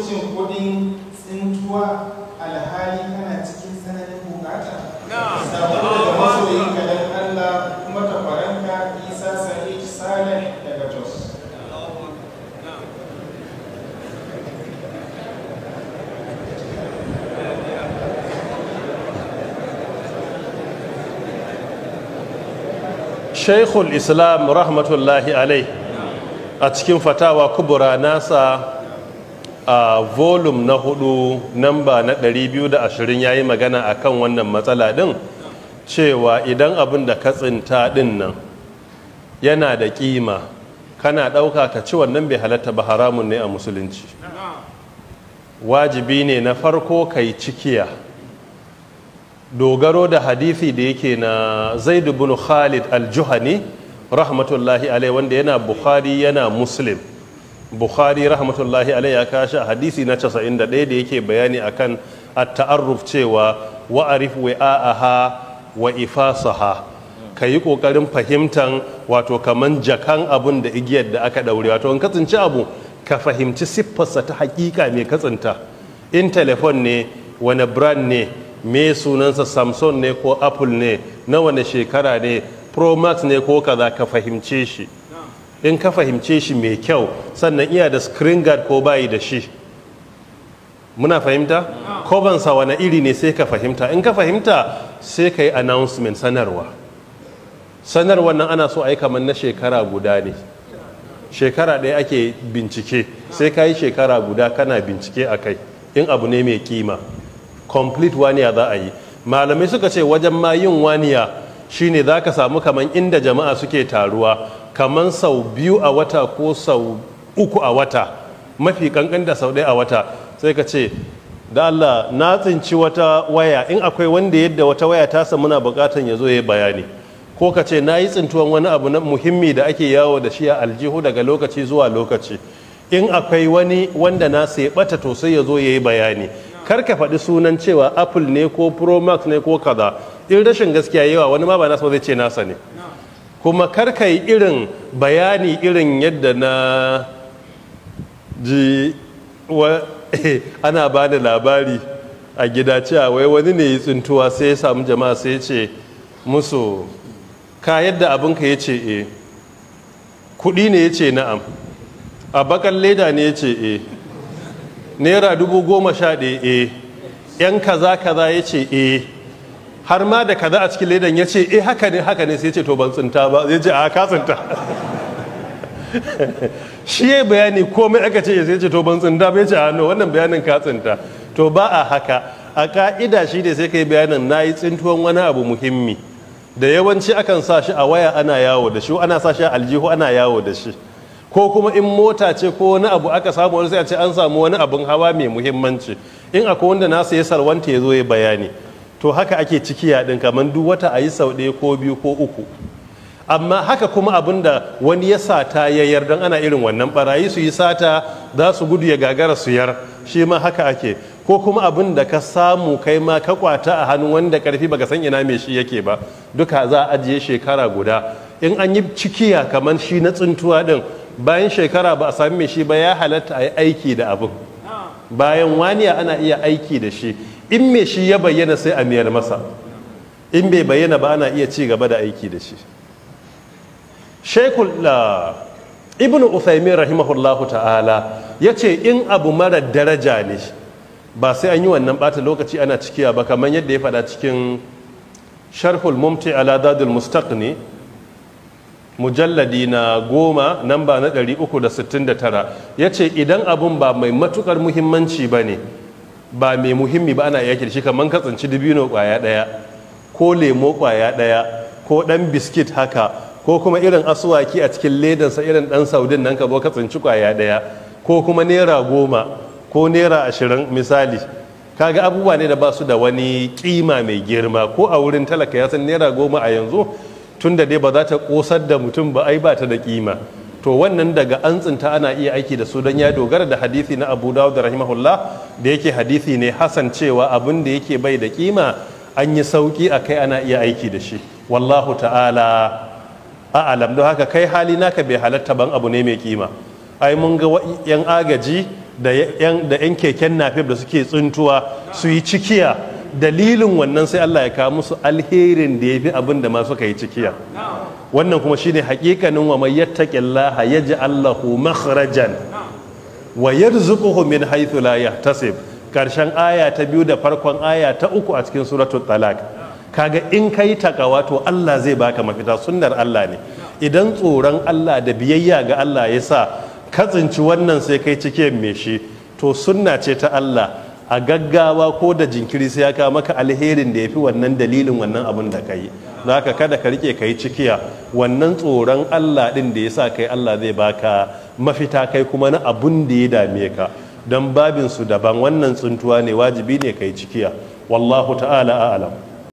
hukuncin kudin tsintuwa alhali kana cikin tsananin bukata sabon da masoyin ka dan Allah kuma tafaranka Isa Sa'id Saleh daga Jos Sheikhul Islam rahmatullahi alai a cikin fatawa kubura nasa a volum na hudu namba na 220 ya yi magana a kan wannan matsala din cewa idan abin da ka tsinta din nan yana da kima kana ɗauka ka ci wannan bai halatta ba haramun ne a musulunci wajibi ne na farko kai cikiya dogaro da hadithi da yake na Zaidu bin khalid al-juhani rahmatullahi alai wanda yana bukhari yana muslim bukhari rahmatullahi alaihi ya kashi a hadisi na 91 da yake bayani akan at-ta'arruf cewa wa wa'aha wa ifasaha ka yi kokarin fahimtan wato kaman jakan abun da igiyar da aka daure wato in katsinci abu ka fahimci siffarsa ta hakika mai katsinta in telefon ne wani brand ne me sunansa samson ne ko apple ne na wani shekara ne pro max ne ko kaza ka fahimce shi in ka fahimce shi mai kyau sannan iya da screen guard ko bayi da shi muna fahimta kobansa wani iri ne sai ka fahimta in ka fahimta sai ka yi announcement sanarwa sanarwa nan ana so a yi kamar na shekara guda ne shekara ɗaya ake bincike sai ka yi shekara guda kana bincike a kai in abu ne mai kima complete waniya za a yi malamai suka ce wajen ma yin waniya shine za ka samu kamar inda jama'a suke taruwa kamar sau biyu a wata ko sau uku a wata mafi kankan da sau ɗaya a wata sai ka ce da Allah na tsinci wata waya in akwai wanda yadda wata waya ta samu na bukatan ya zo ya bayani ko ka ce na yi tsintuwan wani abu na muhimmi da ake yawo da shi a aljihu daga lokaci zuwa lokaci in akwai wani wanda na sai bata to sai ya zo ya yi bayani kar ka faɗi sunan cewa apple ne ko pro max ne ko kaza in rashin gaskiya yawa wani ma ba nasa zai ce nasa ne kuma karka yi irin bayani irin yadda na ji ana ba da labari a gida cewa wai wani ne ya tsintuwa sai ya samu jama'a sai ya ce musu ka yadda abinka ya ce e eh, kudi ne ya ce na'am a bakan leda ne ya ce e naira dubu goma sha ɗaya e eh, yan kaza kaza ya ce e har ma da kaza a cikin ledan ya ce eh haka ne haka ne sai ce to ban tsinta ba zai ce a ka tsinta shi ya bayani komai aka ce sai ce to ban tsinta ba ya ce a no wannan bayanin ka tsinta to ba a haka a ka'ida shi ne sai kai bayanin na yi tsintuwan wani abu muhimmi da yawanci akan sa shi a waya ana yawo da shi ana sa shi a aljihu ana yawo da shi ko kuma in mota ce ko wani abu aka samu wani sai a ce an samu wani abin hawa mai muhimmanci in akwai wanda na ya sarwanta ya zo ya bayani to haka ake cikiya din kamar duk wata a yi sau ɗaya ko biyu ko uku amma haka kuma abin da wani ya sata ya yar don ana irin wannan barayi su yi sata za su gudu ya gagara su yar shi ma haka ake ko kuma abin da ka samu kai ma ka kwata a hannu wanda karfi baka san ina mai shi yake ba duka za a ajiye shekara guda in an yi cikiya kamar shi na tsintuwa din bayan shekara ba a sami mai shi ba ya halatta a yi aiki da abin bayan waniya ana iya aiki da shi in me shi ya bayyana sai a miyar masa in bai bayyana ba ana iya ci gaba da aiki da shi shekul ah, ibn usaimin rahimahullahu ta'ala ya ce in abu mara daraja ne ba sai an yi wannan bata lokaci ana cikiya ba kamar yadda ya fada cikin sharhul mumti ala dadul mustaqni mujalladi na goma namba na 369 ya ce idan abun ba mai matukar muhimmanci ba ne ba mai muhimmi ba ana yaki da shi kamar katsanci dibino kwaya daya ko lemo kwaya daya ko dan biskit haka ko kuma irin asuwaki a cikin ledansa irin dan saudin nan ka zo katsanci kwaya daya ko kuma naira goma ko naira ashirin misali kaga abubuwa ne da ba su da wani kima mai girma ko a wurin talaka ya san naira goma a yanzu tunda dai ba za ta kosar da mutum ba ai ba ta da kima to wannan daga an tsinta ana iya aiki da su don ya dogara da hadisi na abu dawud da rahimahullah da yake hadisi ne hasan cewa abin da yake bai da kima an yi sauki a kai ana iya aiki da shi wallahu ta'ala alam don haka kai hali naka bai halatta ban abu ne mai kima ai mun ga yan agaji da yan keken nafib da suke tsintuwa su yi cikiya dalilin wannan sai Allah ya kawo musu alherin da ya fi abin da ma suka yi cikiya wannan kuma shine hakikanin wa mai yattaqillaha ji Allah makhrajan wa yarzuquhu min laya la yahtasib karshen aya ta biyu da farkon aya ta uku a cikin suratun talaq kaga in kai takawa to Allah zai baka mafita sunnar Allah ne idan tsoron Allah da biyayya ga Allah ya sa ka tsinci wannan sai kai cikiyar me shi to sunna ce ta Allah a gaggawa ko da jinkiri sai ya kawo maka alherin da ya fi wannan dalilin wannan abin da ka yi za ka kada ka rike ka yi cikiya wannan tsoron allah ɗin da ya sa kai allah zai baka mafita kai kuma na abun da ya dame ka don babinsu daban wannan tsuntuwa ne wajibi ne ka yi cikiya wallahu ta'ala a'alam